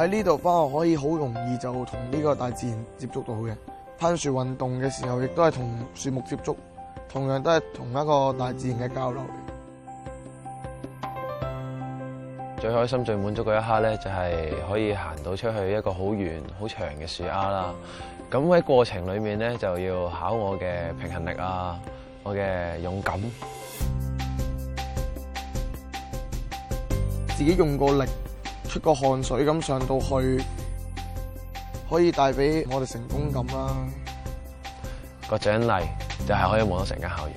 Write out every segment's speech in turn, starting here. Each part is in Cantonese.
喺呢度返學可以好容易就同呢個大自然接觸到嘅攀樹運動嘅時候，亦都係同樹木接觸，同樣都係同一個大自然嘅交流。最開心、最滿足嘅一刻咧，就係可以行到出去一個好遠、好長嘅樹丫啦。咁喺過程裏面咧，就要考我嘅平衡力啊，我嘅勇敢，自己用過力。出個汗水咁上到去，可以帶俾我哋成功感啦、嗯。個、嗯、獎勵就係可以望到成間校園，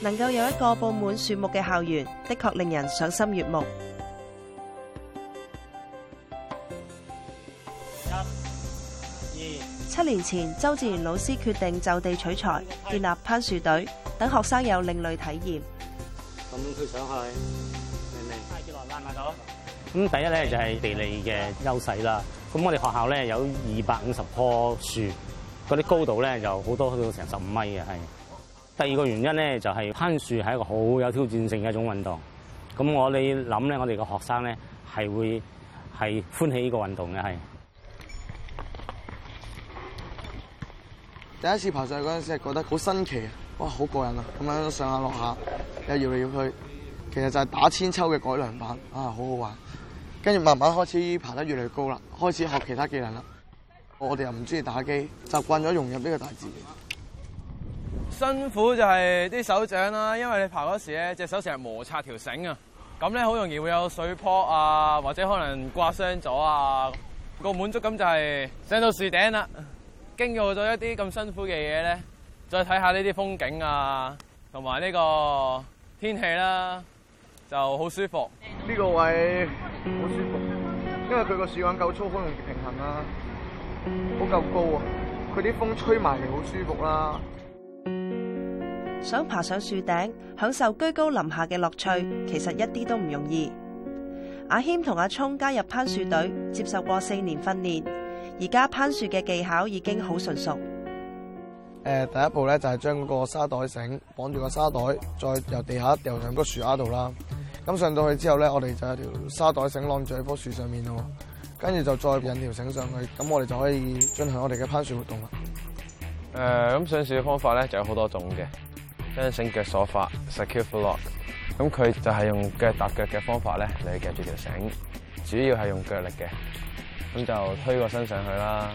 能夠有一個佈滿樹木嘅校園，的確令人賞心悅目。多年前，周志賢老師決定就地取材，建立攀樹隊，等學生有另類體驗。咁佢想係明明，明？幾耐啦，阿哥？咁第一咧就係、是、地理嘅優勢啦。咁我哋學校咧有二百五十棵樹，嗰啲高度咧就好多去到成十五米嘅係。第二個原因咧就係攀樹係一個好有挑戰性嘅一種運動。咁我哋諗咧，我哋個學生咧係會係歡喜呢個運動嘅係。第一次爬上去嗰陣時，係覺得好新奇啊！哇，好過癮啊！咁樣上下落下，又搖嚟搖去，其實就係打千秋嘅改良版啊，好好玩！跟住慢慢開始爬得越嚟越高啦，開始學其他技能啦。我哋又唔中意打機，習慣咗融入呢個大自然。辛苦就係啲手掌啦，因為你爬嗰時咧，隻手成日摩擦條繩啊，咁咧好容易會有水泡啊，或者可能刮傷咗啊。個滿足感就係上到樹頂啦。經過咗一啲咁辛苦嘅嘢咧，再睇下呢啲風景啊，同埋呢個天氣啦、啊，就好舒服。呢、這個位好舒服，因為佢個樹幹夠粗，好容易平衡啦，好夠高啊，佢啲風吹埋嚟好舒服啦。想爬上樹頂，享受居高臨下嘅樂趣，其實一啲都唔容易。阿謙同阿聰加入攀樹隊，接受過四年訓練。而家攀樹嘅技巧已經好純熟。誒、呃，第一步咧就係、是、將個沙袋繩綁住個沙袋，再由地下掉上，上個樹丫度啦。咁上到去之後咧，我哋就有條沙袋繩晾住喺棵樹上面咯。跟住就再引條繩上去，咁我哋就可以進行我哋嘅攀樹活動啦。誒、呃，咁上樹嘅方法咧就有好多種嘅，將繩腳鎖法 （secure footlock）。咁佢就係用腳踏腳嘅方法咧嚟夾住條繩，主要係用腳力嘅。咁就推個身上去啦。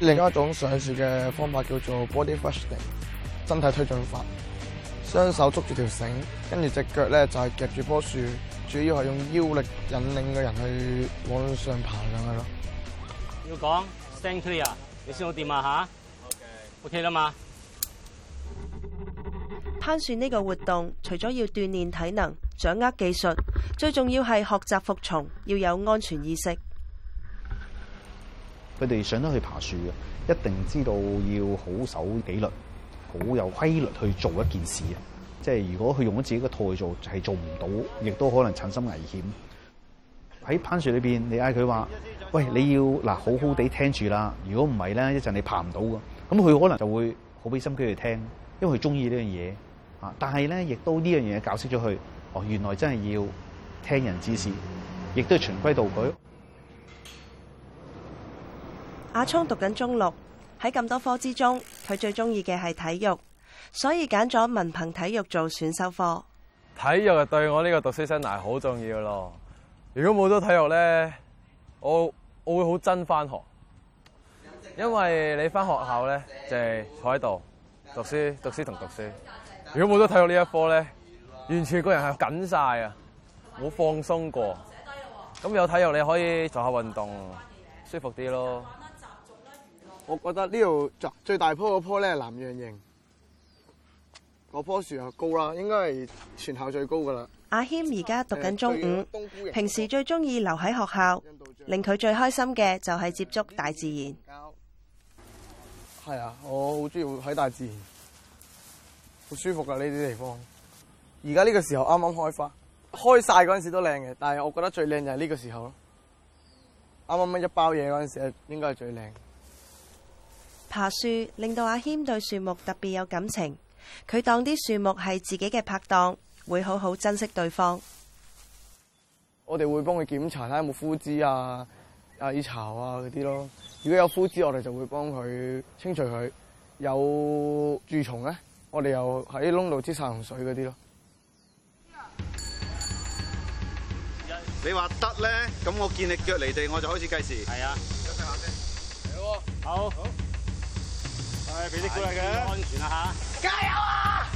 另外一種上樹嘅方法叫做 body r u s h i n g 身體推進法。雙手捉住條繩，跟住隻腳咧就係夾住棵樹，主要係用腰力引領個人去往上爬上去咯。要講 stand clear，你先好掂啊吓。OK 啦嘛。攀樹呢個活動，除咗要鍛煉體能、掌握技術，最重要係學習服從，要有安全意識。佢哋上得去爬樹嘅，一定知道要好守紀律，好有規律去做一件事啊！即係如果佢用咗自己嘅套去做，係、就是、做唔到，亦都可能產生危險。喺攀樹裏邊，你嗌佢話：喂，你要嗱好好地聽住啦！如果唔係咧，一陣你爬唔到嘅。咁佢可能就會好俾心機去聽，因為佢中意呢樣嘢。但係咧，亦都呢樣嘢教識咗佢。哦，原來真係要聽人指示，亦都係循規蹈矩。阿聰讀緊中六，喺咁多科之中，佢最中意嘅係體育，所以揀咗文憑體育做選修課。體育對我呢個讀書生涯好重要咯。如果冇咗體育咧，我我會好憎翻學，因為你翻學校咧就係坐喺度讀書、讀書同讀書。如果冇得體育呢一科咧，完全個人係緊晒啊，冇放鬆過。咁有體育你可以做下運動，舒服啲咯。我覺得呢度最大棵嗰棵咧係南洋楹，嗰棵樹又高啦，應該係全校最高噶啦。阿謙而家讀緊中五，平時最中意留喺學校，令佢最開心嘅就係接觸大自然。係啊，我好中意喺大自然。好舒服噶，呢啲地方。而家呢個時候啱啱開花，開晒嗰陣時都靚嘅，但係我覺得最靚就係呢個時候咯。啱啱乜一包嘢，嗰陣時，應該係最靚。爬樹令到阿謙對樹木特別有感情，佢當啲樹木係自己嘅拍檔，會好好珍惜對方。我哋會幫佢檢查睇下有冇枯枝啊、啊巢啊嗰啲咯。如果有枯枝，我哋就會幫佢清除佢。有蛀蟲咧。我哋又喺窿度支散水嗰啲咯。你話得咧，咁我見你腳離地，我就開始計時是。係啊，休息下先，好，好，快啲鼓勵佢啦。安全啊吓、啊啊，加油啊！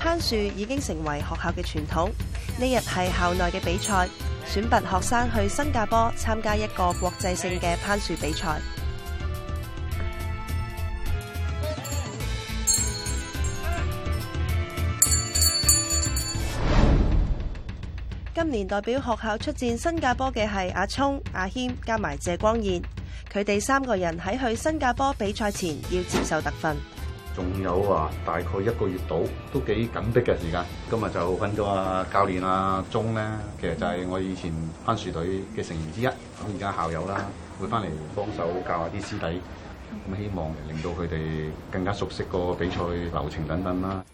攀樹已經成為學校嘅傳統。呢日係校內嘅比賽，選拔學生去新加坡參加一個國際性嘅攀樹比賽。年代表學校出戰新加坡嘅係阿聰、阿謙加埋謝光燕，佢哋三個人喺去新加坡比賽前要接受特訓。仲有啊，大概一個月度都幾緊迫嘅時間。今日就分咗阿教練阿鍾咧，其實就係我以前番薯隊嘅成員之一，咁而家校友啦，會翻嚟幫手教下啲師弟，咁希望令到佢哋更加熟悉個比賽流程等等啦。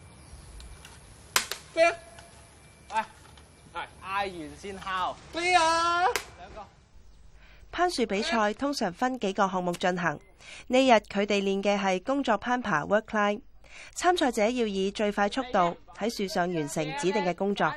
完善考。呢啊，攀樹比賽通常分幾個項目進行。呢日佢哋練嘅係工作攀爬 work line，參賽者要以最快速度喺樹上完成指定嘅工作。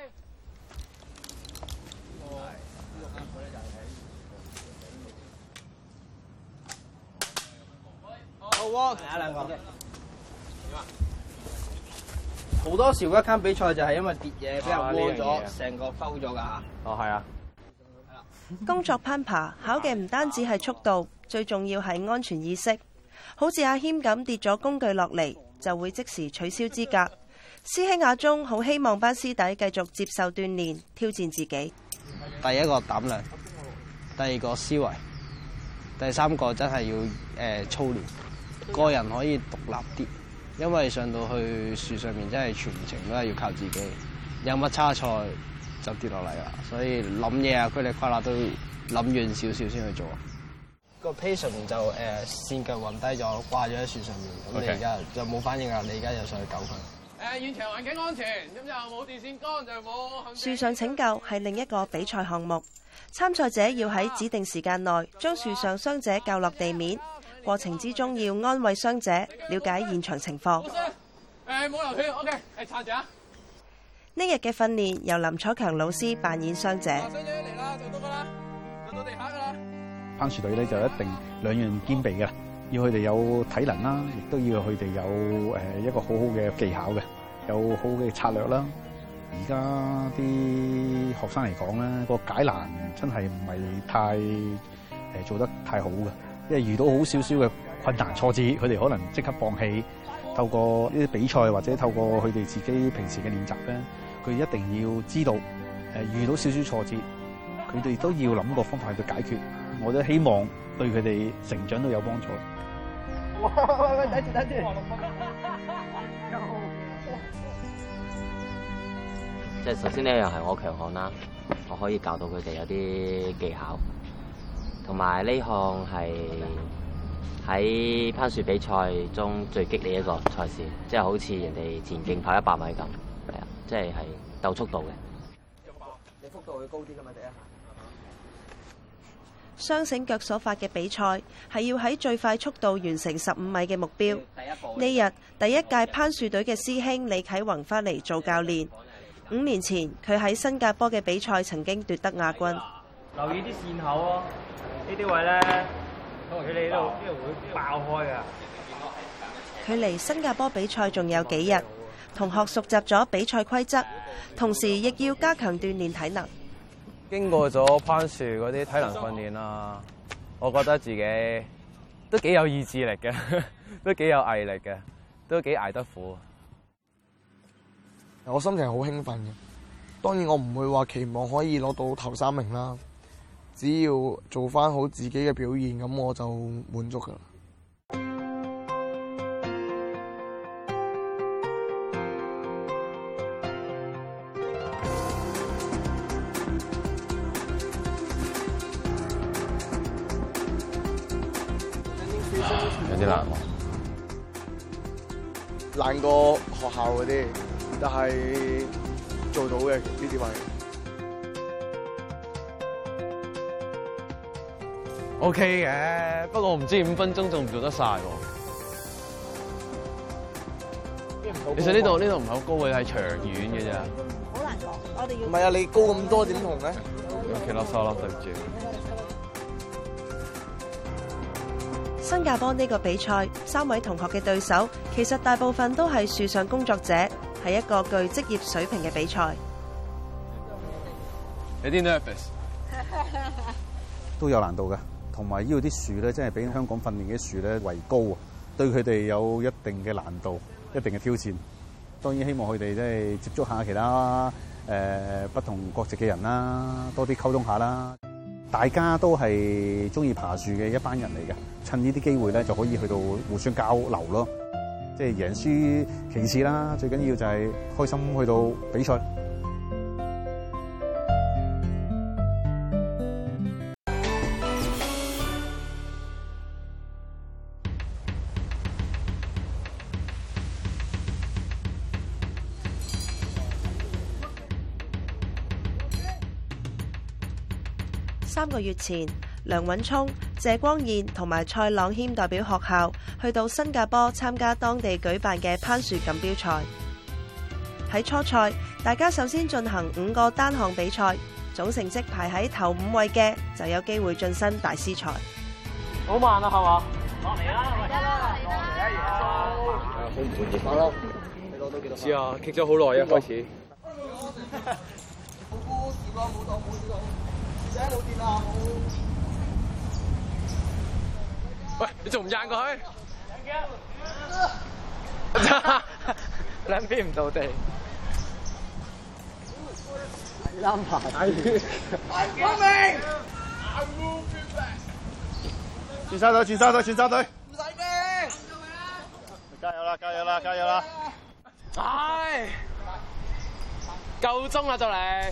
好多時一坑比賽就係因為跌嘢俾人鍋咗，成、啊這個收咗噶哦，係啊。工作攀爬考嘅唔單止係速度，最重要係安全意識。好似阿謙咁跌咗工具落嚟，就會即時取消資格。師兄阿中好希望班師弟繼續接受鍛鍊，挑戰自己。第一個膽量，第二個思維，第三個真係要誒、呃、操練，個人可以獨立啲。因為上到去樹上面，真係全程都係要靠自己，有乜差錯就跌落嚟啦。所以諗嘢啊，佢哋跨啦都要諗完少少先去做。個 patient 就誒，線、呃、腳暈低咗，掛咗喺樹上面。咁、okay. 你而家就冇反應啊？你而家又上去救佢？誒、呃，現場環境安全，咁又冇電線杆，就冇。樹上拯救係另一個比賽項目，參賽者要喺指定時間內將樹上傷者救落地面。過程之中要安慰傷者，了解現場情況。誒、嗯、冇流血，OK，撐住啊！呢日嘅訓練由林楚強老師扮演傷者。嚟、啊、啦，到㗎啦，到地下㗎啦。攀樹隊咧就一定兩樣兼備嘅，要佢哋有體能啦，亦都要佢哋有誒一個好好嘅技巧嘅，有好嘅策略啦。而家啲學生嚟講咧，個解難真係唔係太誒做得太好嘅。即係遇到好少少嘅困難挫折，佢哋可能即刻放棄。透過呢啲比賽或者透過佢哋自己平時嘅練習咧，佢一定要知道，誒遇到少少挫折，佢哋都要諗個方法去解決。我都希望對佢哋成長都有幫助。哇！喂，喂，等住等住。等等 即係首先呢樣係我強項啦，我可以教到佢哋有啲技巧。同埋呢項係喺攀樹比賽中最激烈的一個賽事，即係好似人哋田徑跑一百米咁，即係係鬥速度嘅。有冇把握？你速度會高啲嘅嘛，爹啊！雙繩腳所發嘅比賽係要喺最快速度完成十五米嘅目標。呢日第一屆攀樹隊嘅師兄李啟宏翻嚟做教練。五年前佢喺新加坡嘅比賽曾經奪得亞軍。留意啲線口哦。這些置呢啲位咧，佢哋呢度會爆開噶。距離新加坡比賽仲有幾日，同學熟習咗比賽規則，同時亦要加強鍛煉體能。經過咗攀樹嗰啲體能訓練啊，我覺得自己都幾有意志力嘅，都幾有毅力嘅，都幾捱得苦。我心情好興奮嘅，當然我唔會話期望可以攞到頭三名啦。只要做翻好自己嘅表現，咁我就滿足噶啦、嗯嗯嗯嗯。有啲難喎，難過學校嗰啲，但係做到嘅呢啲位。O K 嘅，不過我唔知五分鐘仲唔做得晒喎、啊。其實呢度呢度唔係好高位，係長遠嘅啫。好難講，我哋要唔係啊？你高咁多點同咧？落嚟啦，對唔住。新加坡呢個比賽，三位同學嘅對手其實大部分都係樹上工作者，係一個具職業水平嘅比賽。有啲 nervous， 都有難度嘅。同埋呢度啲樹咧，真係比香港訓練嘅樹咧為高啊！對佢哋有一定嘅難度、一定嘅挑戰。當然希望佢哋係接觸下其他誒、呃、不同國籍嘅人啦，多啲溝通下啦。大家都係中意爬樹嘅一班人嚟嘅，趁呢啲機會咧就可以去到互相交流咯。即係贏輸其次啦，最緊要就係開心去到比賽。個月前，梁尹聰、謝光燕同埋蔡朗謙代表學校去到新加坡參加當地舉辦嘅攀樹錦標賽。喺初賽，大家首先進行五個單項比賽，總成績排喺頭五位嘅就有機會晉身大師賽。好慢、嗯、 啊，係嘛？嚟啦，嚟啦，嚟啦！好唔團結咯？你攞到幾多？知啊，企咗好耐啊，開始。 死老電腦！喂，你仲唔扔過去？兩腳兩邊唔到地，冧牌！阿明，全三隊，全三隊，全三隊！唔使咩？加油啦！加油啦！加油啦！唉，夠鐘啦就嚟。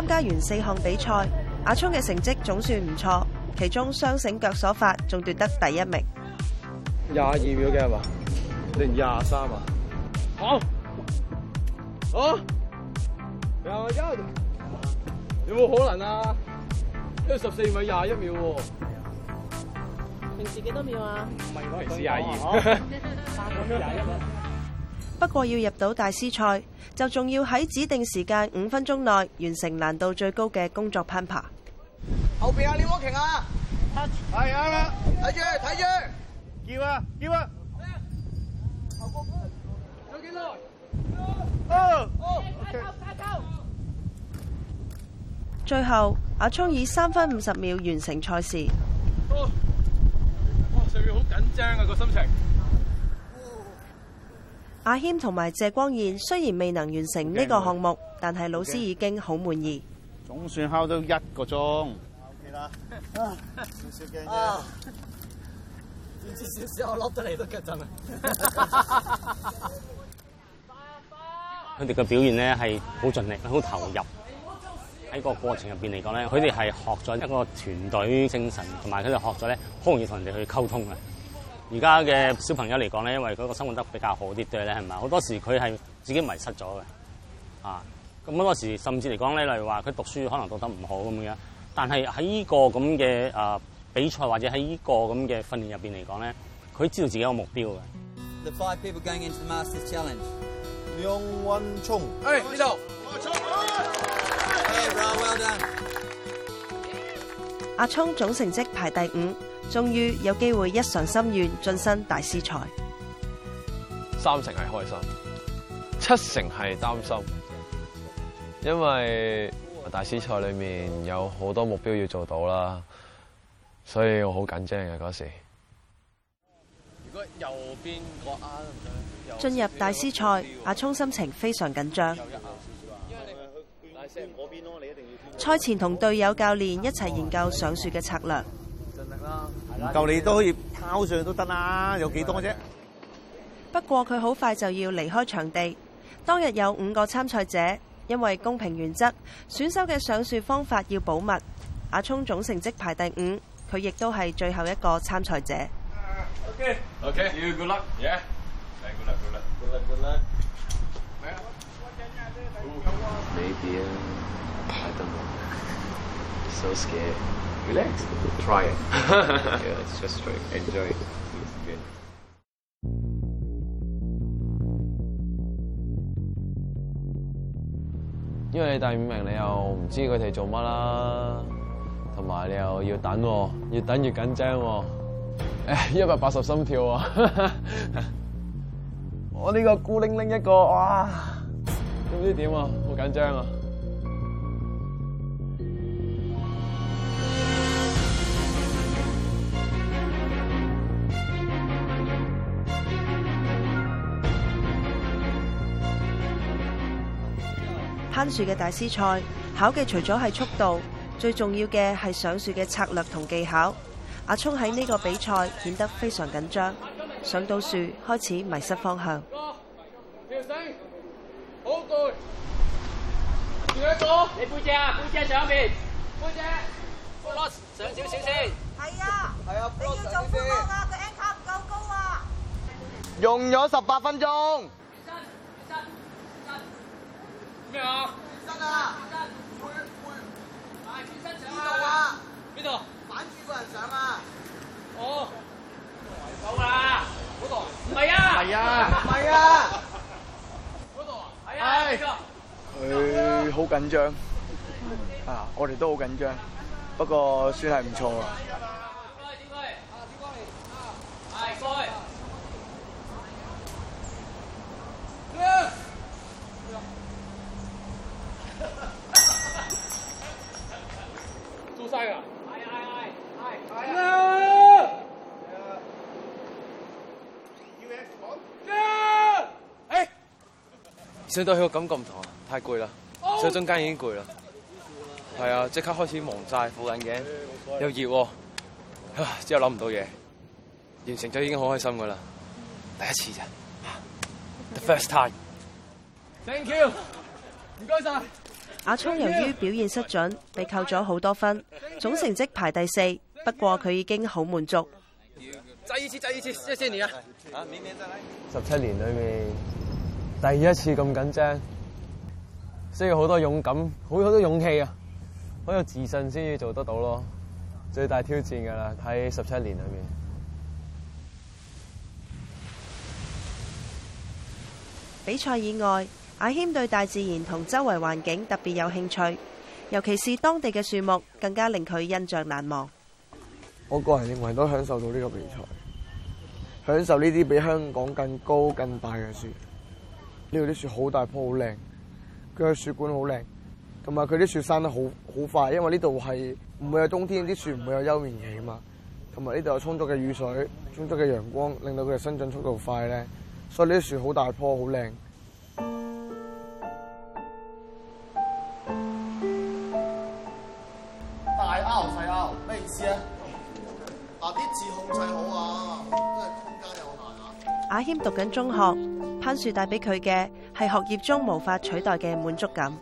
參加完四項比賽，阿聰嘅成績總算唔錯，其中雙繩腳鎖法仲奪得第一名。廿二,二秒嘅係嘛？定廿三啊？好、啊，好、啊，有冇可能啊？一十四米廿一秒喎。平時幾多秒啊？唔係，平時廿、啊、二,二秒、啊。 不過要入到大師賽，就仲要喺指定時間五分鐘內完成難度最高嘅工作攀爬。後邊啊，你永強啊，係啊，睇住睇住，叫啊叫啊！Oh. Oh. Okay. 最後阿聰以三分五十秒完成賽事。哇，oh. 啊，上面好緊張啊個心情。馬謙同埋謝光彥雖然未能完成呢個項目，但係老師已經好滿意。總算敲到一個鐘。OK 啦，少少驚啲，呢我攞得嚟都腳震啦。佢哋嘅表現咧係好盡力、好投入。喺個過程入邊嚟講咧，佢哋係學咗一個團隊精神，同埋佢哋學咗咧，好容易同人哋去溝通嘅。而家嘅小朋友嚟講咧，因為佢個生活得比較好啲，對咧，係咪？好多時佢係自己迷失咗嘅，啊！咁好多時甚至嚟講咧，例如話佢讀書可能讀得唔好咁樣，但係喺依個咁嘅啊比賽或者喺依個咁嘅訓練入邊嚟講咧，佢知道自己有目標嘅。The five people going into the Masters Challenge. Liang、hey, hey, Wan、oh, Chong，哎，你走。阿聰總成績排第五。終於有機會一償心願，晉身大師賽。三成係開心，七成係擔心，因為大師賽裏面有好多目標要做到啦，所以我好緊張如果右嘅嗰時。進入大師賽，阿聰心情非常緊張。因為你去邊賽前同隊友、教練一齊研究上樹嘅策略。唔夠你都可以拋上去都得啦，有幾多啫？不過佢好快就要離開場地。當日有五個參賽者，因為公平原則，選手嘅上樹方法要保密。阿聰總成績排第五，佢亦都係最後一個參賽者。Okay, okay, you good luck, yeah. 我 Relax，try，yeah，let's it. just try，enjoy，、like、 因為你第五名，你又唔知佢哋做乜啦，同埋你又要等、哦，越等越緊張喎、哦，一百八十心跳喎、哦， 我呢個孤零零一個，哇，都唔知點啊，好緊張啊！攀樹嘅大師賽，考嘅除咗係速度，最重要嘅係上樹嘅策略同技巧。阿聰喺呢個比賽顯得非常緊張，上到樹開始迷失方向。調聲，好攰。余阿哥，你背脊，背脊上面，背脊，背脊上少少先。係啊。係啊。你要做咁多啊？個 anchor 唔夠高啊。用咗十八分鐘。咩啊？變身啊！變變，邊度啊？邊度？反住個人上啊！哦，到啦！嗰度？唔係啊！係啊！唔係啊！嗰度啊？係啊！佢好緊張，啊！啊 是啊 啊欸、 啊我哋都好緊張，不過算係唔錯啊！晒噶，啦、啊，哎、啊，上、啊啊啊啊啊啊欸、到去個感覺唔同啊，太攰啦，以中間已經攰啦，係啊，即刻開始忙晒附近嘅、欸，又熱、啊，啊，之後諗唔到嘢，完成咗已經好開心噶啦，第一次咋、啊，the first time，thank you，唔該晒。謝謝。阿聰由於表現失準，被扣咗好多分，總成績排第四。不過佢已經好滿足。爭二次，爭二次，謝謝你啊！啊，明年再嚟。十七年裏面第一次咁緊張，需要好多勇敢，好，好多勇氣啊！好有自信先至做得到咯。最大挑戰噶啦，喺十七年裏面。比賽以外。阿謙對大自然同周圍環境特別有興趣，尤其是當地嘅樹木，更加令佢印象難忘。我個人認為都享受到呢個比賽，享受呢啲比香港更高更大嘅樹。呢度啲樹好大棵好靚，佢嘅樹冠好靚，同埋佢啲樹生得好好快，因為呢度係唔會有冬天，啲樹唔會有休眠期啊嘛。同埋呢度有充足嘅雨水、充足嘅陽光，令到佢嘅生長速度快咧，所以呢啲樹好大棵好靚。控制好啊，因為空間有限啊。阿謙讀緊中學，攀樹帶俾佢嘅係學業中無法取代嘅滿足感。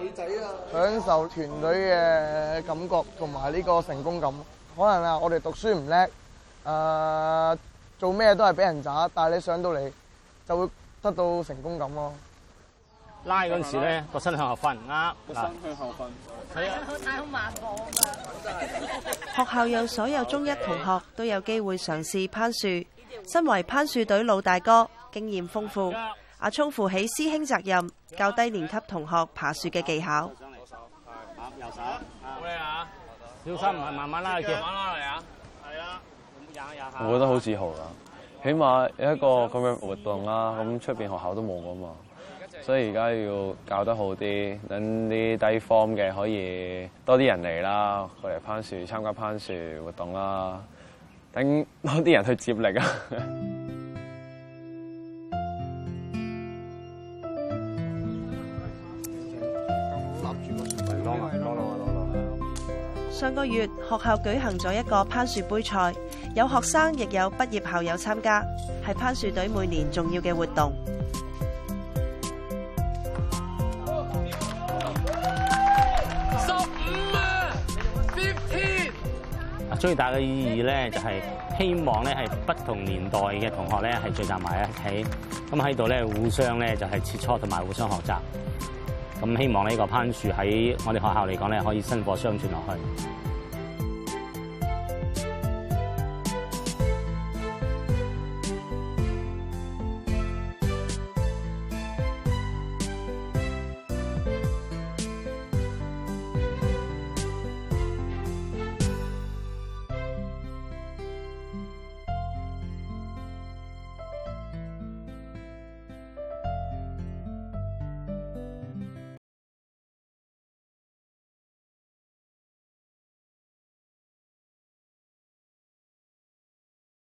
女仔啊，啊，享受團隊嘅感覺同埋呢個成功感。可能啊，我哋讀書唔叻，誒、呃、做咩都係俾人渣，但係你上到嚟就會得到成功感咯。拉嗰陣時咧，個身向後瞓。啊，啱。身向後瞓。係啊，好大好猛火啊嘛！學校有所有中一同學都有機會嘗試攀樹。身為攀樹隊老大哥，經驗豐富，阿聰負起師兄責任，教低年級同學爬樹嘅技巧。上手，右手，好啦，小心，慢慢拉，慢慢拉嚟啊，係啊，引一引，我覺得好自豪啊。起碼有一個咁樣活動啦，咁出面學校都冇啊嘛。所以而家要搞得好啲，等啲低 form 嘅可以多啲人嚟啦，過嚟攀樹參加攀樹活動啦，等多啲人去接力啊！上個月學校舉行咗一個攀樹杯賽，有學生亦有畢業校友參加，係攀樹隊每年重要嘅活動。最大嘅意義咧，就係希望咧係不同年代嘅同學咧係聚集埋一起，咁喺度咧互相咧就係切磋同埋互相學習，咁希望呢個攀樹喺我哋學校嚟講咧可以薪火相傳落去。